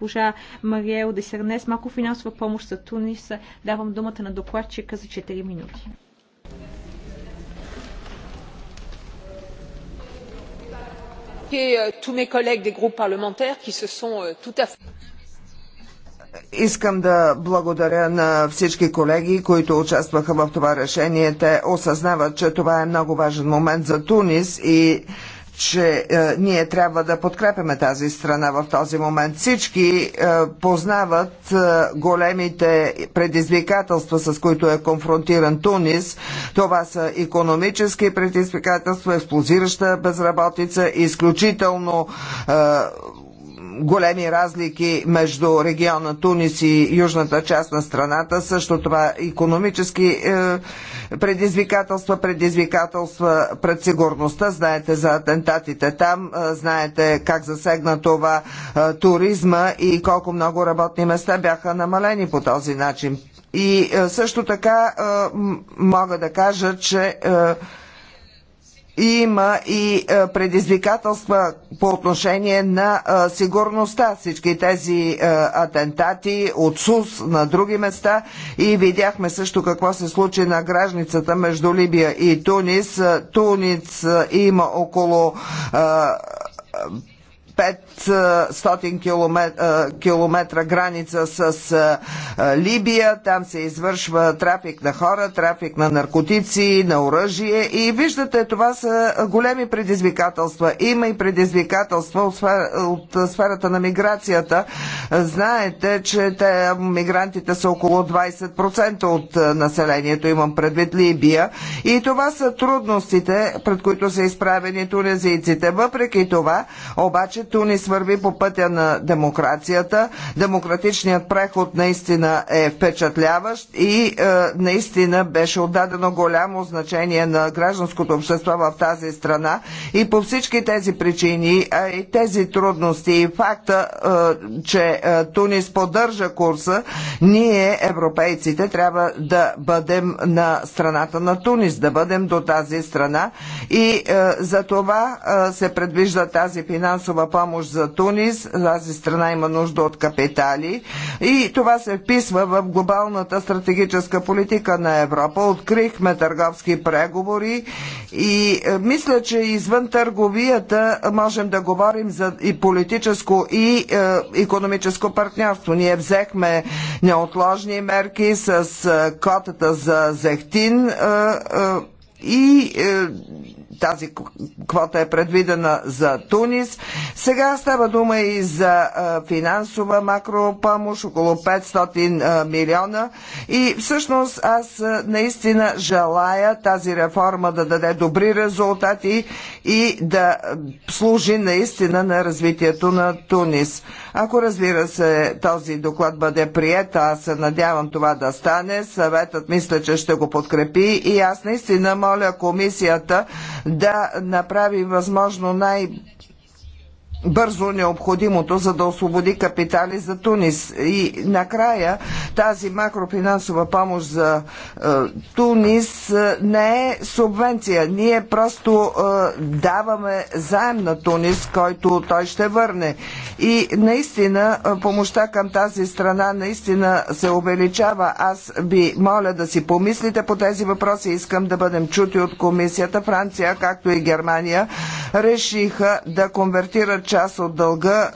госпожа Мариел Десернес, малко финансова помощ за Тунис. Давам думата на докладчика за 4 минути. Е, е, euh, Искам да благодаря на всички колеги, които участваха в това решение. Те осъзнават, че това е много важен момент за Тунис и че е, ние трябва да подкрепяме тази страна в този момент. Всички е, познават е, големите предизвикателства, с които е конфронтиран Тунис. Това са економически предизвикателства, експлозираща безработица, изключително е, големи разлики между региона Тунис и южната част на страната. Също това економически е, предизвикателства, предизвикателства пред сигурността. Знаете за атентатите там, е, знаете как засегна това е, туризма и колко много работни места бяха намалени по този начин. И е, също така е, мога да кажа, че е, има и е, предизвикателства по отношение на е, сигурността. Всички тези е, атентати от СУС на други места и видяхме също какво се случи на гражницата между Либия и Тунис. Тунис има около 500 километра, граница с Либия. Там се извършва трафик на хора, трафик на наркотици, на оръжие. И виждате, това са големи предизвикателства. Има и предизвикателства от, сфер, от сферата на миграцията. Знаете, че те, мигрантите са около 20% от населението, имам предвид Либия. И това са трудностите, пред които са изправени тунезийците. Въпреки това, обаче Тунис върви по пътя на демокрацията. Демократичният преход наистина е впечатляващ и е, наистина беше отдадено голямо значение на гражданското общество в тази страна и по всички тези причини, а и тези трудности и факта, е, че е, Тунис поддържа курса, ние, европейците, трябва да бъдем на страната на Тунис, да бъдем до тази страна и е, за това е, се предвижда тази финансова помощ за Тунис. Тази страна има нужда от капитали и това се вписва в глобалната стратегическа политика на Европа. Открихме търговски преговори и е, мисля, че извън търговията можем да говорим за и политическо и е, економическо партньорство. Ние взехме неотложни мерки с е, котата за зехтин е, е, и е, тази квота е предвидена за Тунис. Сега става дума и за финансова макропомощ, около 500 милиона. И всъщност аз наистина желая тази реформа да даде добри резултати и да служи наистина на развитието на Тунис. Ако разбира се този доклад бъде прият, аз се надявам това да стане, съветът мисля, че ще го подкрепи и аз наистина моля комисията да направим възможно най- бързо необходимото, за да освободи капитали за Тунис. И накрая тази макрофинансова помощ за е, Тунис е, не е субвенция. Ние просто е, даваме заем на Тунис, който той ще върне. И наистина е, помощта към тази страна наистина се увеличава. Аз би моля да си помислите по тези въпроси. Искам да бъдем чути от комисията. Франция, както и Германия, решиха да конвертират част от дълга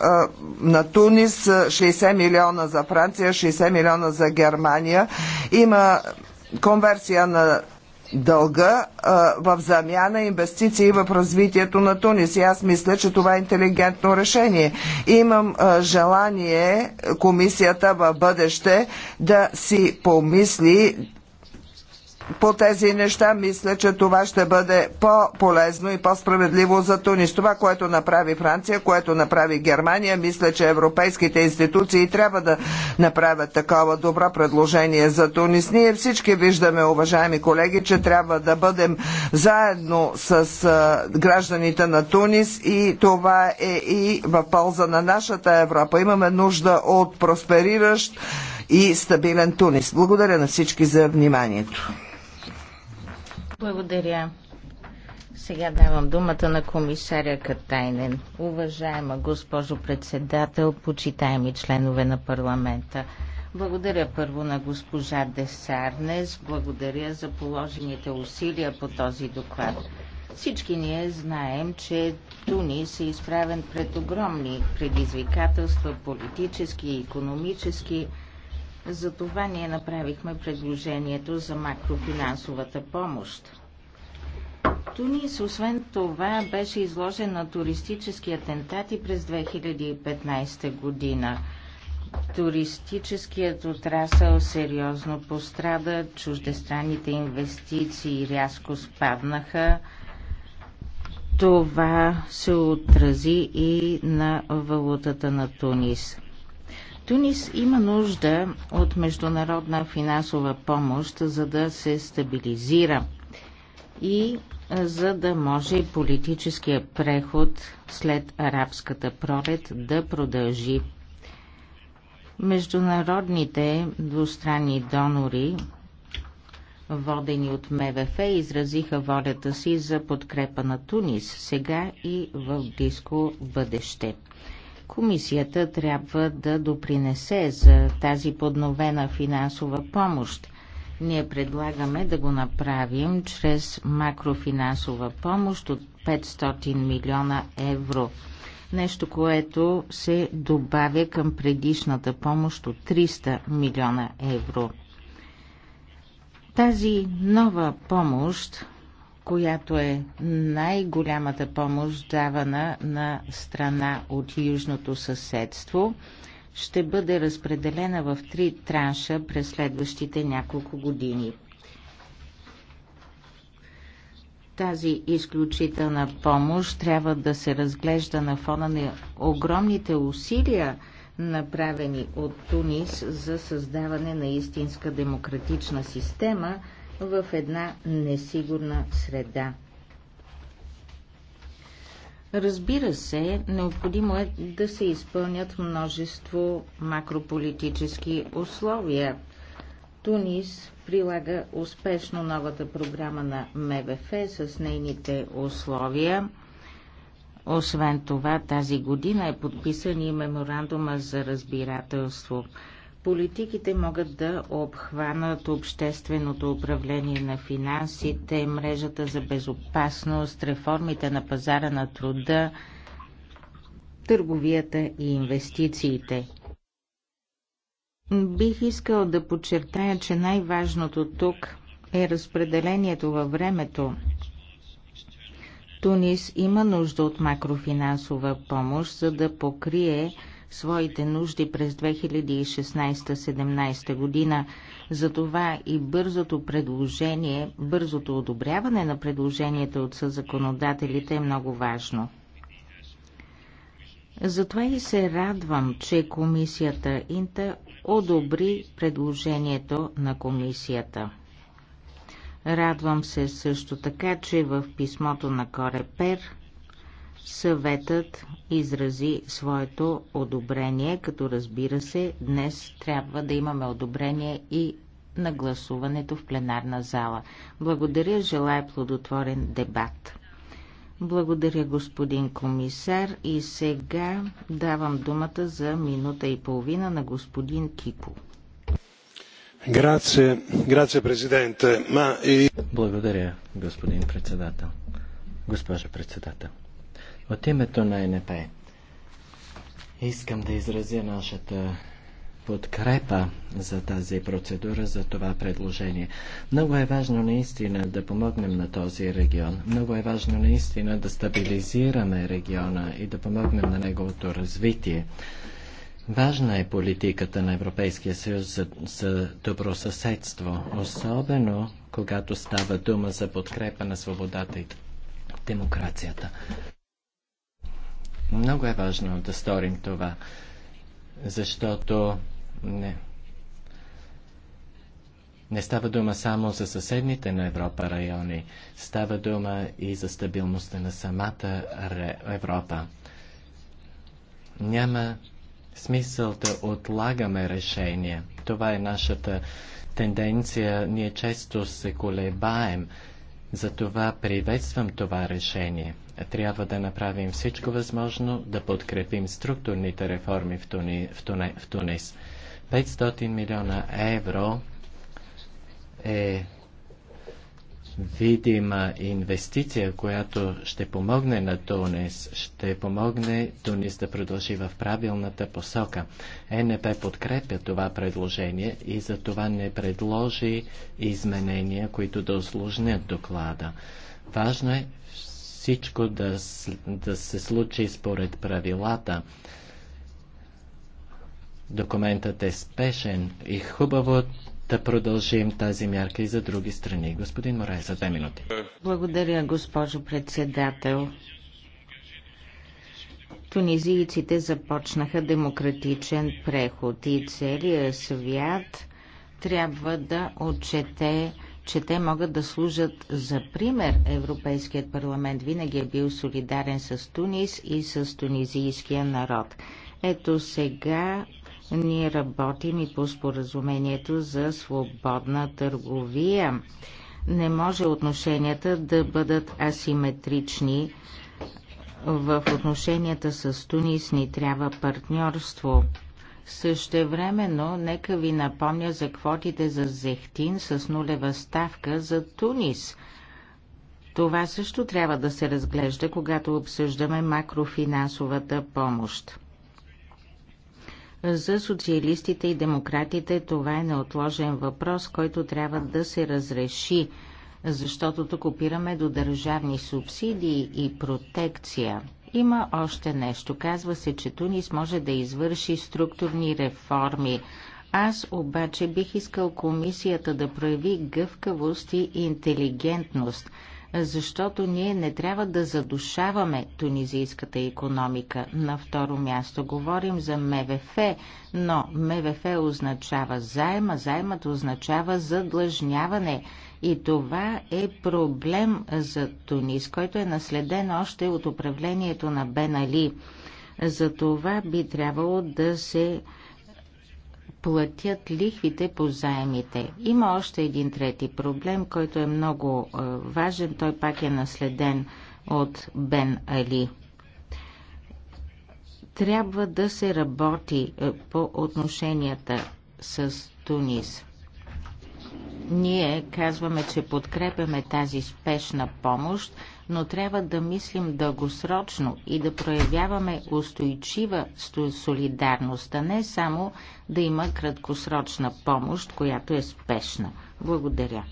на Тунис, 60 милиона за Франция, 60 милиона за Германия. Има конверсия на дълга а, в замяна инвестиции в развитието на Тунис. И аз мисля, че това е интелигентно решение. Имам а, желание комисията в бъдеще да си помисли по тези неща, мисля, че това ще бъде по-полезно и по-справедливо за Тунис. Това, което направи Франция, което направи Германия, мисля, че европейските институции трябва да направят такова добро предложение за Тунис. Ние всички виждаме, уважаеми колеги, че трябва да бъдем заедно с гражданите на Тунис и това е и в полза на нашата Европа. Имаме нужда от проспериращ и стабилен Тунис. Благодаря на всички за вниманието. Благодаря. Сега давам думата на комисаря Катайнен. Уважаема госпожо председател, почитаеми членове на парламента. Благодаря първо на госпожа Десарнес, благодаря за положените усилия по този доклад. Всички ние знаем, че Тунис е изправен пред огромни предизвикателства, политически и економически, за това ние направихме предложението за макрофинансовата помощ. Тунис, освен това, беше изложен на туристически атентати през 2015 година. Туристическият отрасъл сериозно пострада, чуждестранните инвестиции рязко спаднаха. Това се отрази и на валутата на Тунис. Тунис има нужда от международна финансова помощ, за да се стабилизира и за да може политическия преход след арабската пролет да продължи. Международните двустранни донори, водени от МВФ, изразиха волята си за подкрепа на Тунис сега и в близко бъдеще. Комисията трябва да допринесе за тази подновена финансова помощ. Ние предлагаме да го направим чрез макрофинансова помощ от 500 милиона евро. Нещо, което се добавя към предишната помощ от 300 милиона евро. Тази нова помощ която е най-голямата помощ давана на страна от южното съседство, ще бъде разпределена в три транша през следващите няколко години. Тази изключителна помощ трябва да се разглежда на фона на огромните усилия, направени от Тунис за създаване на истинска демократична система – в една несигурна среда. Разбира се, необходимо е да се изпълнят множество макрополитически условия. Тунис прилага успешно новата програма на МВФ с нейните условия. Освен това, тази година е подписан и меморандума за разбирателство. Политиките могат да обхванат общественото управление на финансите, мрежата за безопасност, реформите на пазара на труда, търговията и инвестициите. Бих искал да подчертая, че най-важното тук е разпределението във времето. Тунис има нужда от макрофинансова помощ, за да покрие своите нужди през 2016-17 година. Затова и бързото предложение, бързото одобряване на предложенията от съзаконодателите е много важно. Затова и се радвам, че комисията Инта одобри предложението на комисията. Радвам се също така, че в писмото на Коре Пер. Съветът изрази своето одобрение, като разбира се, днес трябва да имаме одобрение и на гласуването в пленарна зала. Благодаря, желая плодотворен дебат. Благодаря, господин комисар. И сега давам думата за минута и половина на господин Кипо. Грация, грация, президенте. Ма и... Благодаря, господин председател. Госпожа председател. От името на НП искам да изразя нашата подкрепа за тази процедура, за това предложение. Много е важно наистина да помогнем на този регион. Много е важно наистина да стабилизираме региона и да помогнем на неговото развитие. Важна е политиката на Европейския съюз за, за добро съседство, особено когато става дума за подкрепа на свободата и демокрацията. Много е важно да сторим това, защото не, не става дума само за съседните на Европа райони, става дума и за стабилността на самата Европа. Няма смисъл да отлагаме решение. Това е нашата тенденция. Ние често се колебаем затова приветствам това решение. Трябва да направим всичко възможно да подкрепим структурните реформи в, Туни, в, Туни, в Тунис. 500 милиона евро е видима инвестиция, която ще помогне на Тунис, ще помогне Тунис да продължи в правилната посока. НП подкрепя това предложение и за това не предложи изменения, които да осложнят доклада. Важно е всичко да, да се случи според правилата. Документът е спешен и хубаво да продължим тази мярка и за други страни. Господин Морай, за две минути. Благодаря, госпожо председател. Тунизийците започнаха демократичен преход и целият свят трябва да отчете, че те могат да служат за пример. Европейският парламент винаги е бил солидарен с Тунис и с тунизийския народ. Ето сега ние работим и по споразумението за свободна търговия. Не може отношенията да бъдат асиметрични. В отношенията с Тунис ни трябва партньорство. Същевременно, нека ви напомня за квотите за зехтин с нулева ставка за Тунис. Това също трябва да се разглежда, когато обсъждаме макрофинансовата помощ. За социалистите и демократите това е неотложен въпрос, който трябва да се разреши, защото тук опираме до държавни субсидии и протекция. Има още нещо. Казва се, че Тунис може да извърши структурни реформи. Аз обаче бих искал комисията да прояви гъвкавост и интелигентност – защото ние не трябва да задушаваме тунизийската економика. На второ място говорим за МВФ, но МВФ означава заема, заемът означава задлъжняване. И това е проблем за Тунис, който е наследен още от управлението на Бен Али. За това би трябвало да се платят лихвите по заемите. Има още един трети проблем, който е много е, важен. Той пак е наследен от Бен Али. Трябва да се работи е, по отношенията с Тунис. Ние казваме, че подкрепяме тази спешна помощ, но трябва да мислим дългосрочно и да проявяваме устойчива солидарност, а не само да има краткосрочна помощ, която е спешна. Благодаря.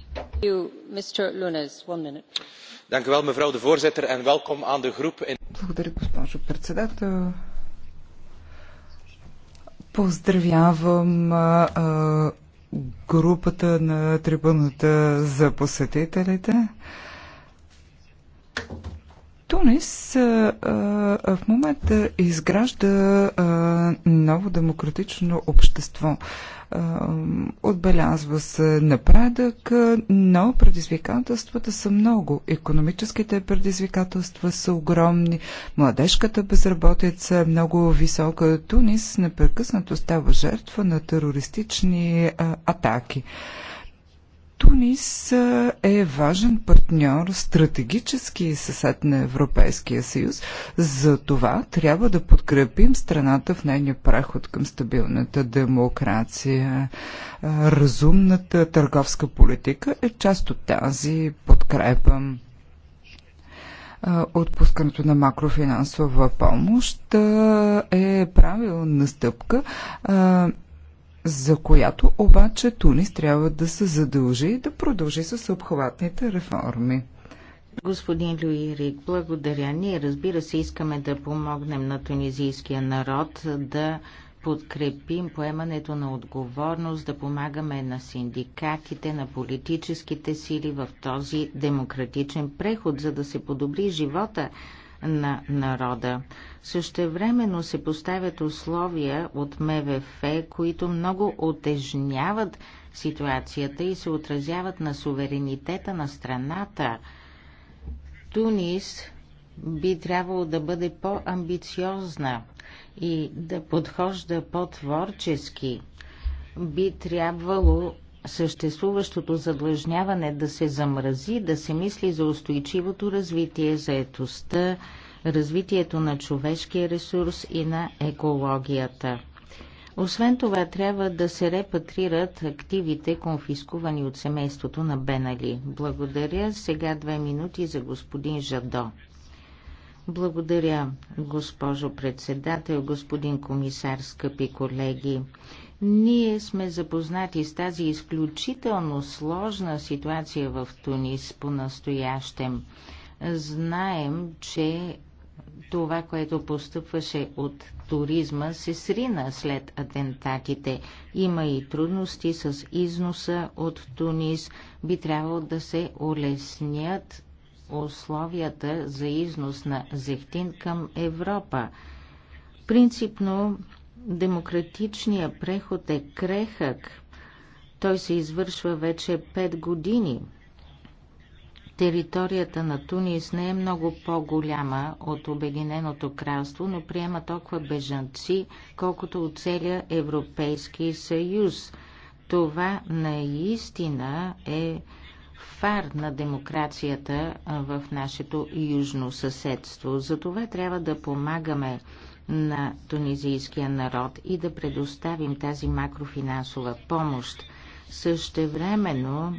Благодаря, госпожо председател. Поздравявам групата на трибуната за посетителите. Тунис а, а, в момента изгражда а, ново демократично общество. А, отбелязва се напредък, но предизвикателствата са много. Економическите предизвикателства са огромни. Младежката безработица е много висока. Тунис непрекъснато става жертва на терористични а, атаки. А, Тунис е важен партньор, стратегически съсед на Европейския съюз. За това трябва да подкрепим страната в нейния преход към стабилната демокрация. Разумната търговска политика е част от тази подкрепа отпускането на макрофинансова помощ е правилна стъпка за която обаче Тунис трябва да се задължи и да продължи с обхватните реформи. Господин Люи Рик, благодаря. Ние, разбира се, искаме да помогнем на тунизийския народ да подкрепим поемането на отговорност, да помагаме на синдикатите, на политическите сили в този демократичен преход, за да се подобри живота на народа. Същевременно се поставят условия от МВФ, които много отежняват ситуацията и се отразяват на суверенитета на страната. Тунис би трябвало да бъде по-амбициозна и да подхожда по-творчески. Би трябвало съществуващото задлъжняване да се замрази, да се мисли за устойчивото развитие, заетостта, развитието на човешкия ресурс и на екологията. Освен това, трябва да се репатрират активите, конфискувани от семейството на Бенали. Благодаря. Сега две минути за господин Жадо. Благодаря, госпожо председател, господин комисар, скъпи колеги. Ние сме запознати с тази изключително сложна ситуация в Тунис по-настоящем. Знаем, че това, което постъпваше от туризма, се срина след атентатите. Има и трудности с износа от Тунис. Би трябвало да се улеснят условията за износ на зехтин към Европа. Принципно Демократичният преход е крехък. Той се извършва вече 5 години. Територията на Тунис не е много по-голяма от Обединеното кралство, но приема толкова бежанци, колкото от целия Европейски съюз. Това наистина е фар на демокрацията в нашето южно съседство. Затова трябва да помагаме на тунизийския народ и да предоставим тази макрофинансова помощ. Същевременно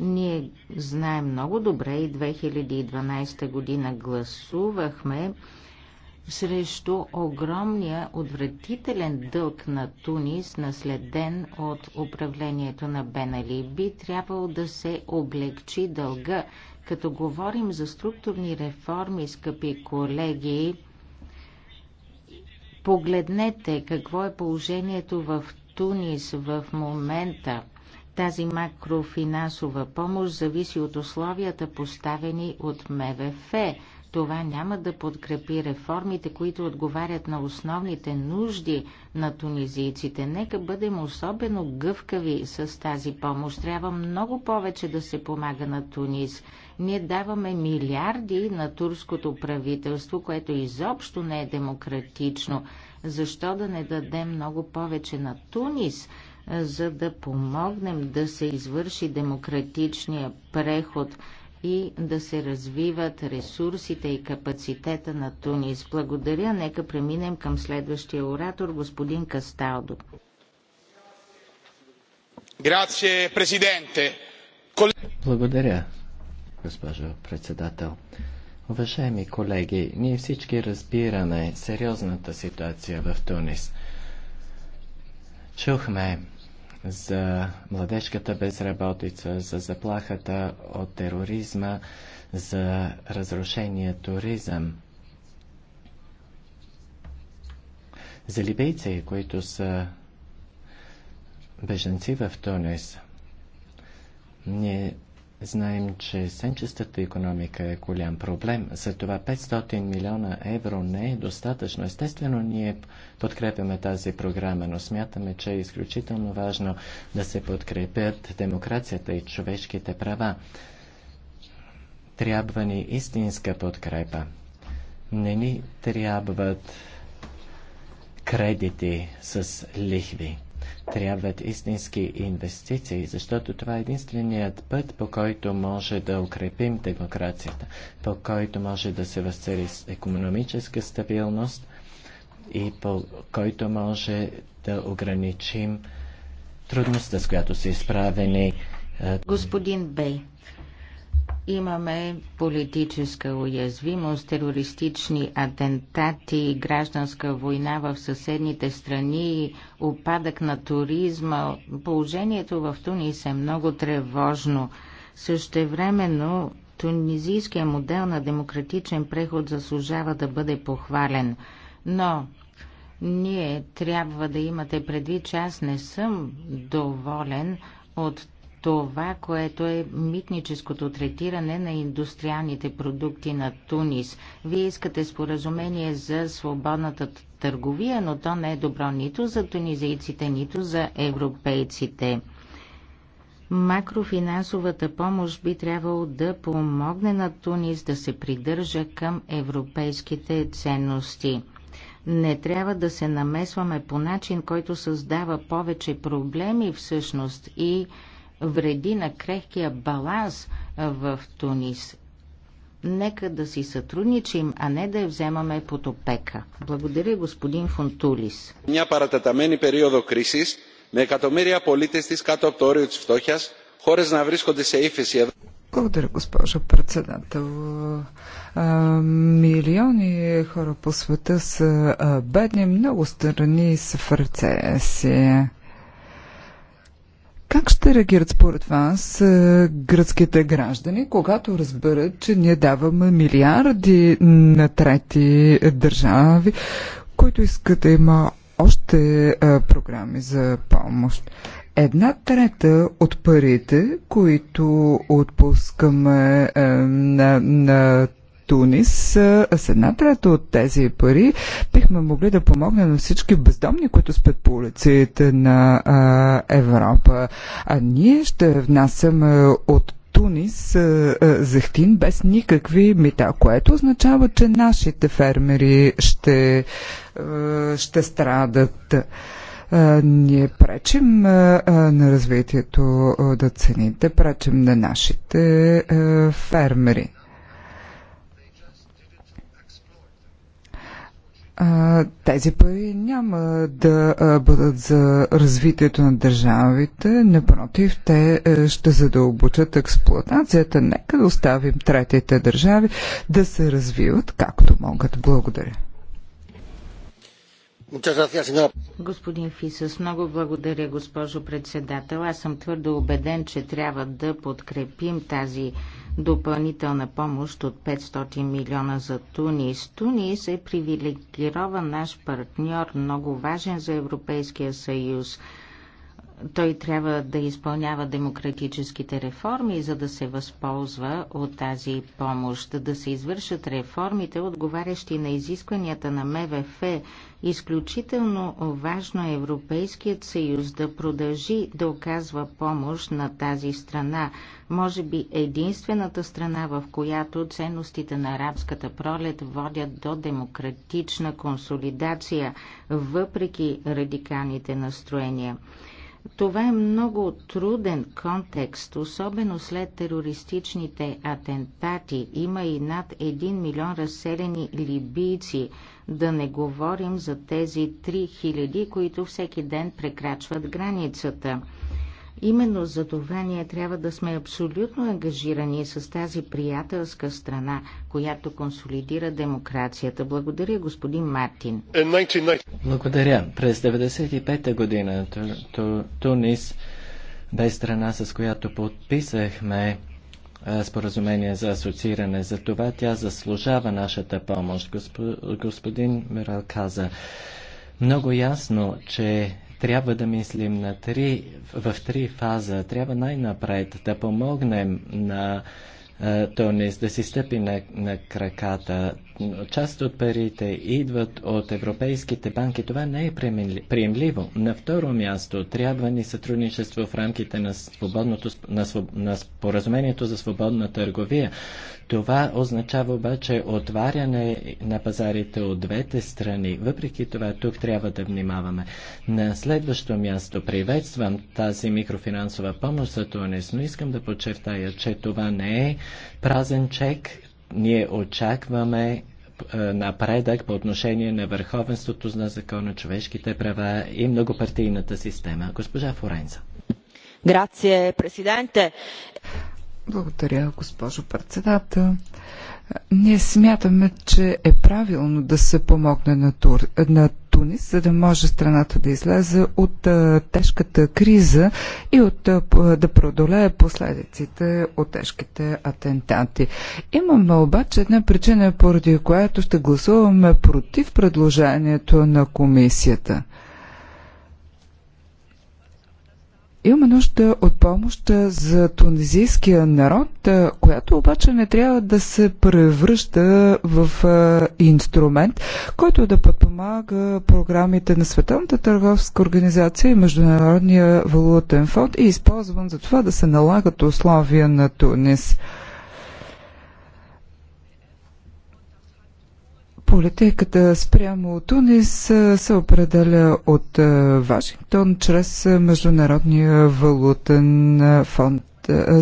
ние знаем много добре и 2012 година гласувахме срещу огромния отвратителен дълг на Тунис, наследен от управлението на Бенали. Би трябвало да се облегчи дълга. Като говорим за структурни реформи, скъпи колеги, Погледнете какво е положението в Тунис в момента. Тази макрофинансова помощ зависи от условията поставени от МВФ. Това няма да подкрепи реформите, които отговарят на основните нужди на тунизийците. Нека бъдем особено гъвкави с тази помощ. Трябва много повече да се помага на Тунис. Ние даваме милиарди на турското правителство, което изобщо не е демократично. Защо да не дадем много повече на Тунис, е, за да помогнем да се извърши демократичния преход? и да се развиват ресурсите и капацитета на Тунис. Благодаря. Нека преминем към следващия оратор, господин Касталдо. Благодаря, госпожо председател. Уважаеми колеги, ние всички разбираме сериозната ситуация в Тунис. Чухме за младежката безработица, за заплахата от тероризма, за разрушения туризъм. За либейци, които са беженци в Тунис, ние Знаем, че сенчестата економика е голям проблем, за това 500 милиона евро не е достатъчно. Естествено, ние подкрепяме тази програма, но смятаме, че е изключително важно да се подкрепят демокрацията и човешките права. Трябва ни истинска подкрепа. Не ни трябват кредити с лихви. Трябват истински инвестиции, защото това е единственият път, по който може да укрепим демокрацията, по който може да се възцари економическа стабилност и по който може да ограничим трудността, с която са изправени. Господин Бей, Имаме политическа уязвимост, терористични атентати, гражданска война в съседните страни, опадък на туризма. Положението в Тунис е много тревожно. Същевременно тунизийския модел на демократичен преход заслужава да бъде похвален. Но ние трябва да имате предвид, че аз не съм доволен от това, което е митническото третиране на индустриалните продукти на Тунис. Вие искате споразумение за свободната търговия, но то не е добро нито за тунизийците, нито за европейците. Макрофинансовата помощ би трябвало да помогне на Тунис да се придържа към европейските ценности. Не трябва да се намесваме по начин, който създава повече проблеми всъщност и вреди на крехкия баланс в Тунис. Нека да си сътрудничим, а не да я вземаме под опека. Благодаря господин Фонтулис. Μια паратетамени периодо кризис, ме εκατομμύρια πολίτες της κάτω από το όριο της φτώχειας, χώρες να βρίσκονται σε ύφεση. Благодаря, госпожо председател. Милиони хора по света са бедни, много страни са в рецесия. Как ще реагират според вас е, гръцките граждани, когато разберат, че ние даваме милиарди на трети държави, които искат да има още е, програми за помощ? Една трета от парите, които отпускаме е, на, на Тунис с една трета от тези пари бихме могли да помогнем на всички бездомни, които спят по улиците на а, Европа. А ние ще внасяме от Тунис зехтин без никакви мита, което означава, че нашите фермери ще, ще страдат. Ние пречим на развитието да цените, пречим на нашите фермери. А, тези пари няма да а, бъдат за развитието на държавите, напротив, те а, е, ще задълбочат експлуатацията. Нека да оставим третите държави да се развиват както могат. Благодаря. Господин Фисас, много благодаря, госпожо председател. Аз съм твърдо убеден, че трябва да подкрепим тази допълнителна помощ от 500 милиона за Тунис. Тунис е привилегирован наш партньор, много важен за Европейския съюз. Той трябва да изпълнява демократическите реформи, за да се възползва от тази помощ, да се извършат реформите, отговарящи на изискванията на МВФ. Изключително важно е Европейският съюз да продължи да оказва помощ на тази страна, може би единствената страна, в която ценностите на арабската пролет водят до демократична консолидация, въпреки радикалните настроения. Това е много труден контекст, особено след терористичните атентати. Има и над 1 милион разселени либийци, да не говорим за тези 3000, които всеки ден прекрачват границата. Именно за това ние трябва да сме абсолютно ангажирани с тази приятелска страна, която консолидира демокрацията. Благодаря, господин Мартин. Благодаря. През 1995 година Тунис бе страна, с която подписахме споразумение за асоцииране. За това тя заслужава нашата помощ. господин Мирал каза много ясно, че трябва да мислим на три, в три фаза. Трябва най-напред да помогнем на е, ТОНИС да си стъпи на, на краката. Част от парите идват от европейските банки. Това не е приемливо. На второ място трябва ни сътрудничество в рамките на, свободното, на, на споразумението за свободна търговия. Това означава обаче отваряне на пазарите от двете страни. Въпреки това, тук трябва да внимаваме. На следващо място приветствам тази микрофинансова помощ за Тунис, но искам да подчертая, че това не е празен чек. Ние очакваме е, напредък по отношение на върховенството на закона, човешките права и многопартийната система. Госпожа Форенца. Грация, президенте. Благодаря, госпожо председател. Ние смятаме, че е правилно да се помогне на, Тур... на Тунис, за да може страната да излезе от а, тежката криза и от, а, да продолее последиците от тежките атентати. Имаме обаче една причина, поради която ще гласуваме против предложението на комисията. Имаме нужда от помощ за тунизийския народ, която обаче не трябва да се превръща в инструмент, който да подпомага програмите на Световната търговска организация и Международния валутен фонд и използван за това да се налагат условия на Тунис. Политиката спрямо Тунис се определя от Вашингтон чрез Международния валутен фонд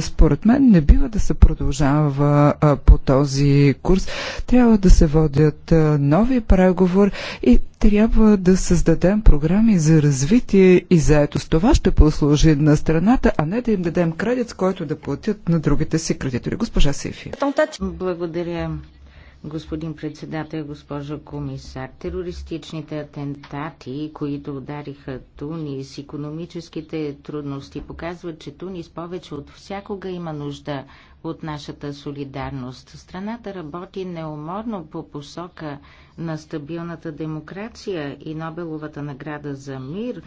според мен не бива да се продължава по този курс. Трябва да се водят нови преговори и трябва да създадем програми за развитие и заедост. Това ще послужи на страната, а не да им дадем кредит, с който да платят на другите си кредитори. Госпожа Сейфи. Благодаря господин председател, госпожо комисар. Терористичните атентати, които удариха Тунис, економическите трудности показват, че Тунис повече от всякога има нужда от нашата солидарност. Страната работи неуморно по посока на стабилната демокрация и Нобеловата награда за мир,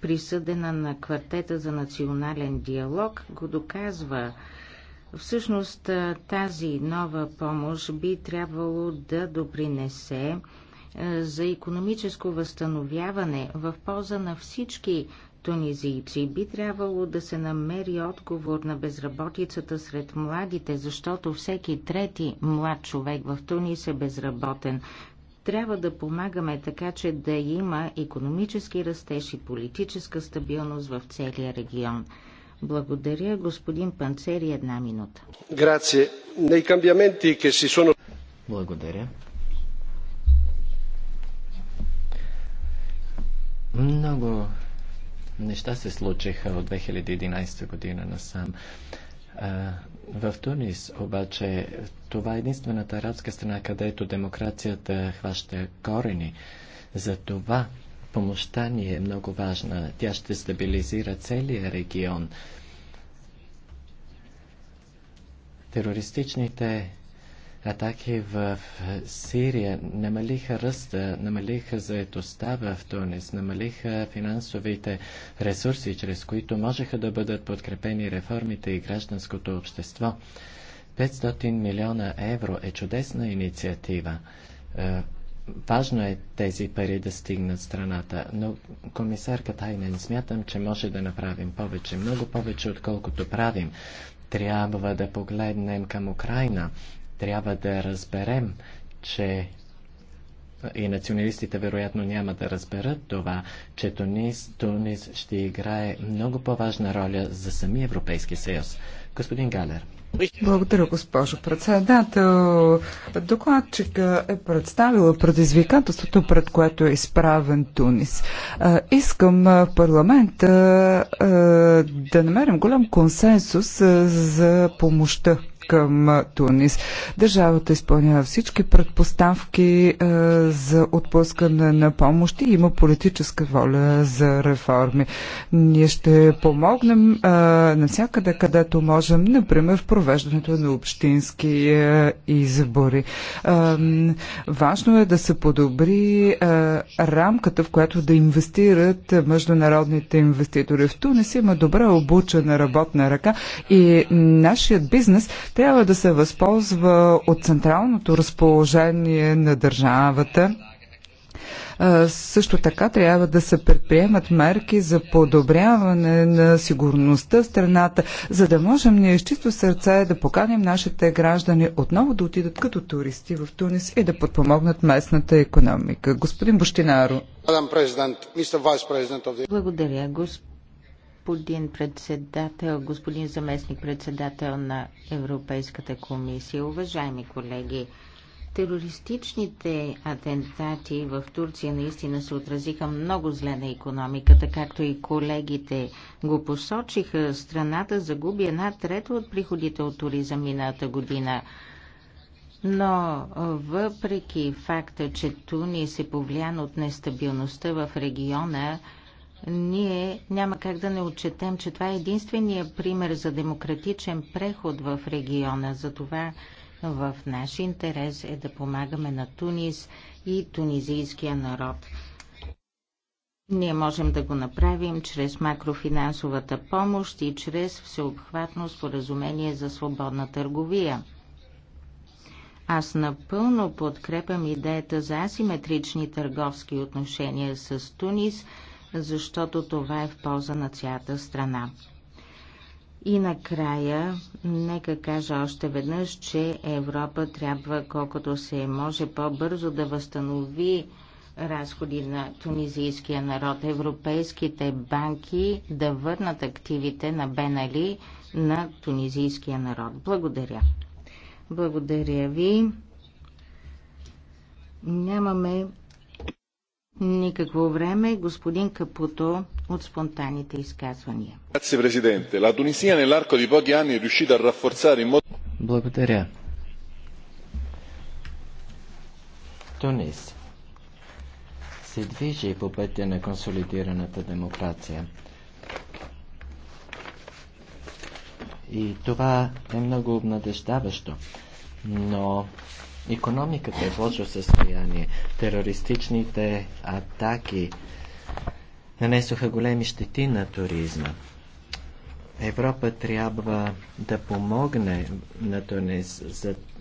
присъдена на квартета за национален диалог, го доказва. Всъщност тази нова помощ би трябвало да допринесе за економическо възстановяване в полза на всички тунизийци. Би трябвало да се намери отговор на безработицата сред младите, защото всеки трети млад човек в Тунис е безработен. Трябва да помагаме така, че да има економически растеж и политическа стабилност в целия регион. Благодаря, господин Панцери, една минута. Благодаря. Много неща се случиха от 2011 година насам. В Тунис обаче това е единствената арабска страна, където демокрацията хваща корени. За това Помощта ни е много важна. Тя ще стабилизира целия регион. Терористичните атаки в Сирия намалиха ръста, намалиха заетостта в Тунис, намалиха финансовите ресурси, чрез които можеха да бъдат подкрепени реформите и гражданското общество. 500 милиона евро е чудесна инициатива е, Важно е тези пари да стигнат страната, но комисарка Тайнен смятам, че може да направим повече, много повече, отколкото правим. Трябва да погледнем към Украина. Трябва да разберем, че и националистите вероятно няма да разберат това, че Тунис, Тунис ще играе много по-важна роля за самия Европейски съюз. Господин Галер. Благодаря, госпожо председател. Докладчика е представила предизвикателството, пред което е изправен Тунис. Искам в парламента да намерим голям консенсус за помощта към Тунис. Държавата изпълнява всички предпоставки за отпускане на помощ и има политическа воля за реформи. Ние ще помогнем навсякъде, където можем, например в провеждането на общински избори. Важно е да се подобри рамката, в която да инвестират международните инвеститори. В Тунис има добра обучена работна ръка и нашият бизнес трябва да се възползва от централното разположение на държавата. Също така трябва да се предприемат мерки за подобряване на сигурността в страната, за да можем ние с чисто сърце да поканим нашите граждани отново да отидат като туристи в Тунис и да подпомогнат местната економика. Господин Бощинаро. Благодаря, господин господин председател, господин заместник председател на Европейската комисия, уважаеми колеги, терористичните атентати в Турция наистина се отразиха много зле на економиката, както и колегите го посочиха. Страната загуби една трета от приходите от туризъм миналата година. Но въпреки факта, че Туни се повлиян от нестабилността в региона, ние няма как да не отчетем, че това е единствения пример за демократичен преход в региона. Затова в наш интерес е да помагаме на Тунис и тунизийския народ. Ние можем да го направим чрез макрофинансовата помощ и чрез всеобхватно споразумение за свободна търговия. Аз напълно подкрепям идеята за асиметрични търговски отношения с Тунис – защото това е в полза на цялата страна. И накрая, нека кажа още веднъж, че Европа трябва колкото се може по-бързо да възстанови разходи на тунизийския народ. Европейските банки да върнат активите на Бенали на тунизийския народ. Благодаря. Благодаря ви. Нямаме никакво време господин Капуто от спонтанните изказвания. Благодаря. Тунис се движи по пътя на консолидираната демокрация. И това е много обнадеждаващо. Но Економиката е в лошо състояние. Терористичните атаки нанесоха големи щети на туризма. Европа трябва да помогне на Тунис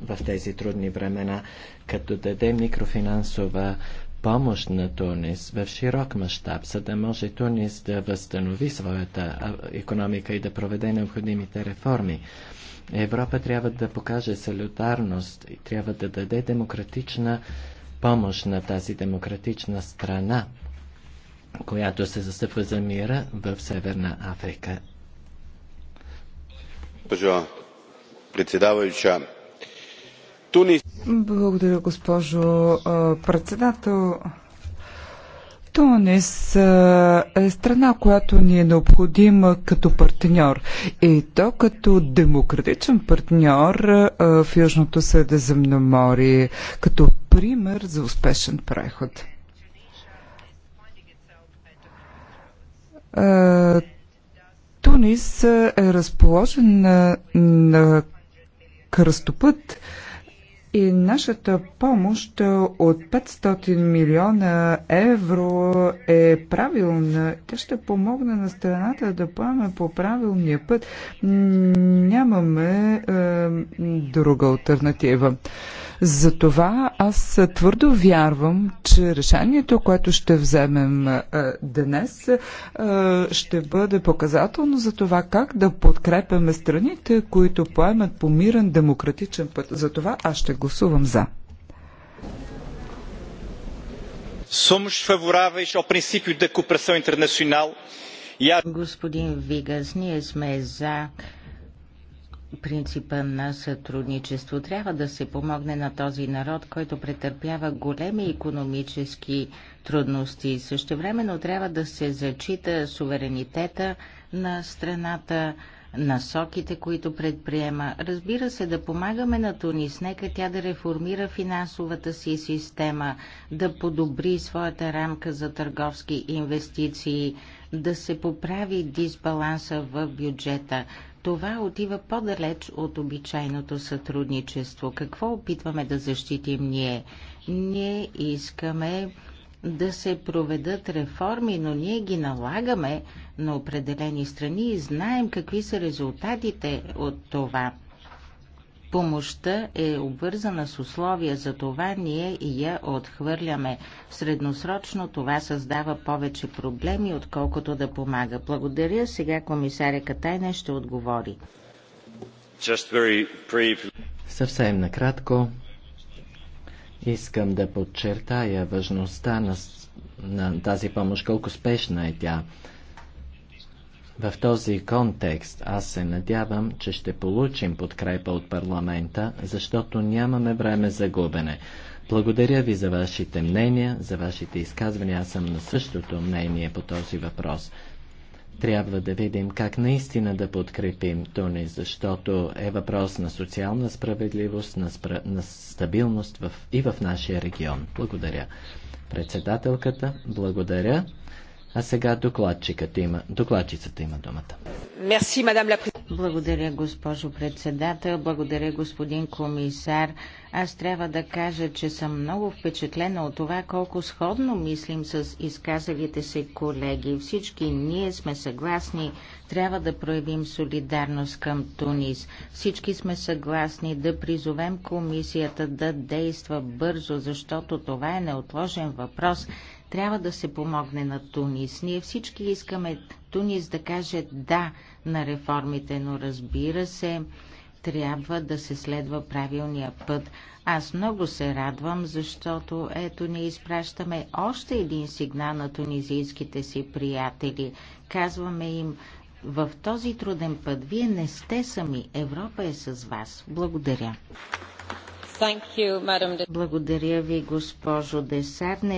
в тези трудни времена, като даде микрофинансова помощ на Тунис в широк мащаб, за да може Тунис да възстанови своята економика и да проведе необходимите реформи. Европа трябва да покаже солидарност и трябва да даде демократична помощ на тази демократична страна, която се застъпва за мира в Северна Африка. Госпожо председаваща, Тунис. Благодаря, госпожо председател. Тунис е страна, която ни е необходима като партньор. И то като демократичен партньор в Южното Средиземноморие, като пример за успешен преход. Тунис е разположен на, на кръстопът и нашата помощ от 500 милиона евро е правилна. Тя ще помогне на страната да поеме по правилния път. Нямаме е, друга альтернатива. Затова аз твърдо вярвам, че решението, което ще вземем е, днес, е, ще бъде показателно за това как да подкрепяме страните, които поемат по мирен демократичен път. Затова аз ще гласувам за. Somos favoráveis ao princípio da cooperação internacional e Господин Вигас, ние сме за принципа на сътрудничество. Трябва да се помогне на този народ, който претърпява големи економически трудности. времено трябва да се зачита суверенитета на страната, насоките, които предприема. Разбира се, да помагаме на Тунис, нека тя да реформира финансовата си система, да подобри своята рамка за търговски инвестиции, да се поправи дисбаланса в бюджета. Това отива по-далеч от обичайното сътрудничество. Какво опитваме да защитим ние? Ние искаме да се проведат реформи, но ние ги налагаме на определени страни и знаем какви са резултатите от това. Помощта е обвързана с условия, за това ние и я отхвърляме. Средносрочно това създава повече проблеми, отколкото да помага. Благодаря. Сега комисаря Катайна ще отговори. Съвсем накратко. Искам да подчертая важността на, на тази помощ, колко спешна е тя. В този контекст аз се надявам, че ще получим подкрепа от парламента, защото нямаме време за губене. Благодаря ви за вашите мнения, за вашите изказвания. Аз съм на същото мнение по този въпрос. Трябва да видим как наистина да подкрепим Туни, защото е въпрос на социална справедливост, на, спра... на стабилност в... и в нашия регион. Благодаря. Председателката, благодаря. А сега докладчиката има, докладчицата има думата. Благодаря, госпожо председател. Благодаря, господин комисар. Аз трябва да кажа, че съм много впечатлена от това колко сходно мислим с изказалите се колеги. Всички ние сме съгласни, трябва да проявим солидарност към Тунис. Всички сме съгласни да призовем комисията да действа бързо, защото това е неотложен въпрос трябва да се помогне на Тунис. Ние всички искаме Тунис да каже да на реформите, но разбира се, трябва да се следва правилния път. Аз много се радвам, защото ето ние изпращаме още един сигнал на тунизийските си приятели. Казваме им, в този труден път вие не сте сами, Европа е с вас. Благодаря. Благодаря ви, госпожо Десарне.